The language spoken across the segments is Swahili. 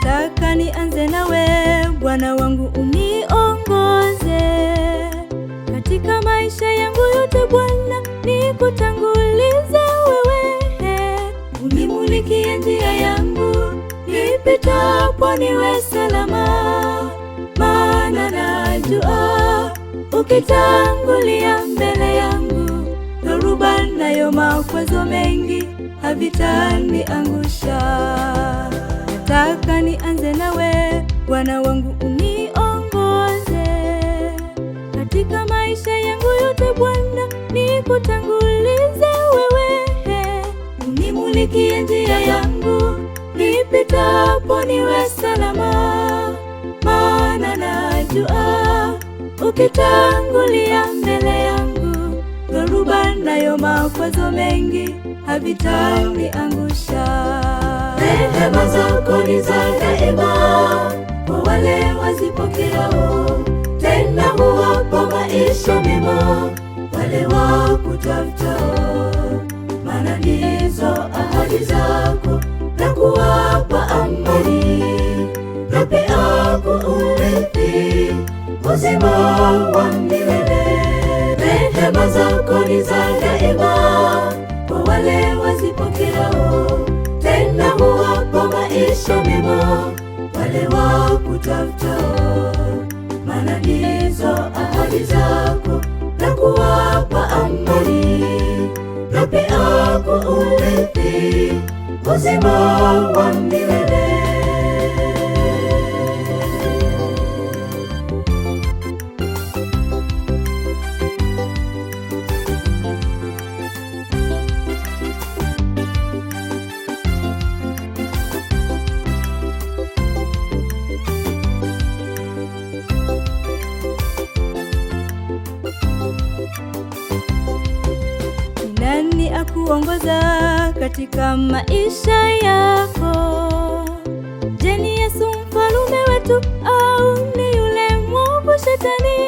Taka nianze nawe Bwana wangu, uniongoze katika maisha yangu yote Bwana, nikutangulize wewe, unimulikie njia yangu nipita hapo niwe salama, maana najua ukitangulia mbele yangu, dhoruba nayo makwazo mengi havitaniangusha. Nataka nianze nawe Bwana wangu, uniongoze katika maisha yangu yote Bwana, nikutangulize wewe, unimulikie njia yangu nipitapo niwe salama, maana najua ukitangulia mbele yangu, dhoruba nayo makwazo mengi havitaniangusha. Rehema zako ni za daima kwa wale wazipokeao, tena huwapa maisha mema wale wakutafutao, maana ndizo ahadi zako wema wa milele. Rehema zako ni za daima kwa wale wazipokeao, tena huwapa maisha mema wale wakutafutao. Maana ndizo ahadi zako na kuwapa amani na peako urithi uzima wa milele. kukuongoza katika maisha yako. Je, ni Yesu mfalume wetu au ni yule mwovu shetani?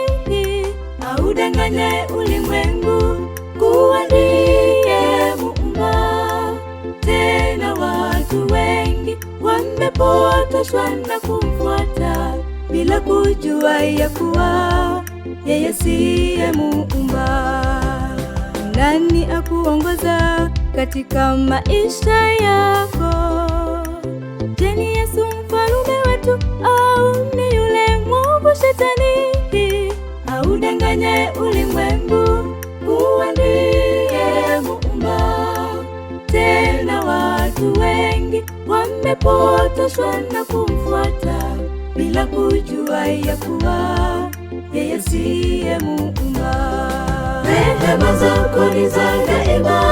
danganye ulimwengu kuwa ndiye Muumba. Tena watu wengi wamepotoshwa na kumfuata bila kujua ya kuwa yeye siye Muumba nani akuongoza katika maisha yako. Je, ni Yesu mfalume wetu au ni yule mwovu shetani audanganyaye ulimwengu kuwa ndiye muumba? Tena watu wengi wamepotoshwa na kumfuata bila kujua ya kuwa yeye siye muumba. Rehema zako ni za daima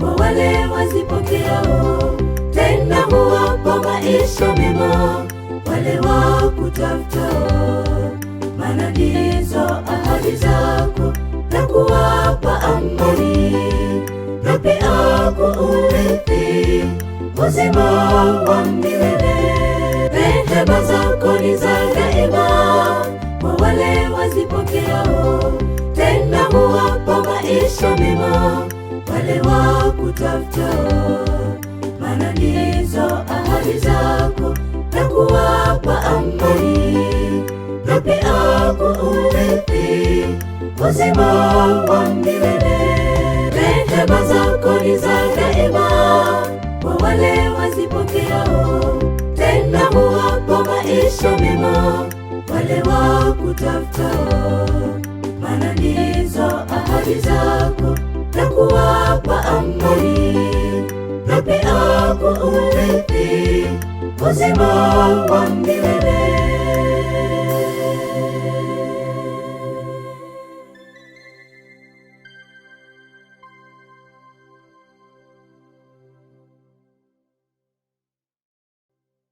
kwa wale wazipokeao, tena huwapa maisha mema wale wakutafutao. Maana ndizo ahadi zako na kuwapa amani na pia kuurithi uzima wa milele. Rehema zako ni za daima kwa wale wazipokeao kusomewa wale wa kutafutao, maana ndizo ahadi zako, na kuwapa amani na pia kuurithi uzima wa milele. Rehema zako ni za daima kwa wale wazipokeao, tena huwapa maisha mema wale wa kutafutao, maana ahadi zako na kuwapa amani, na peako urithi uzima wa milele.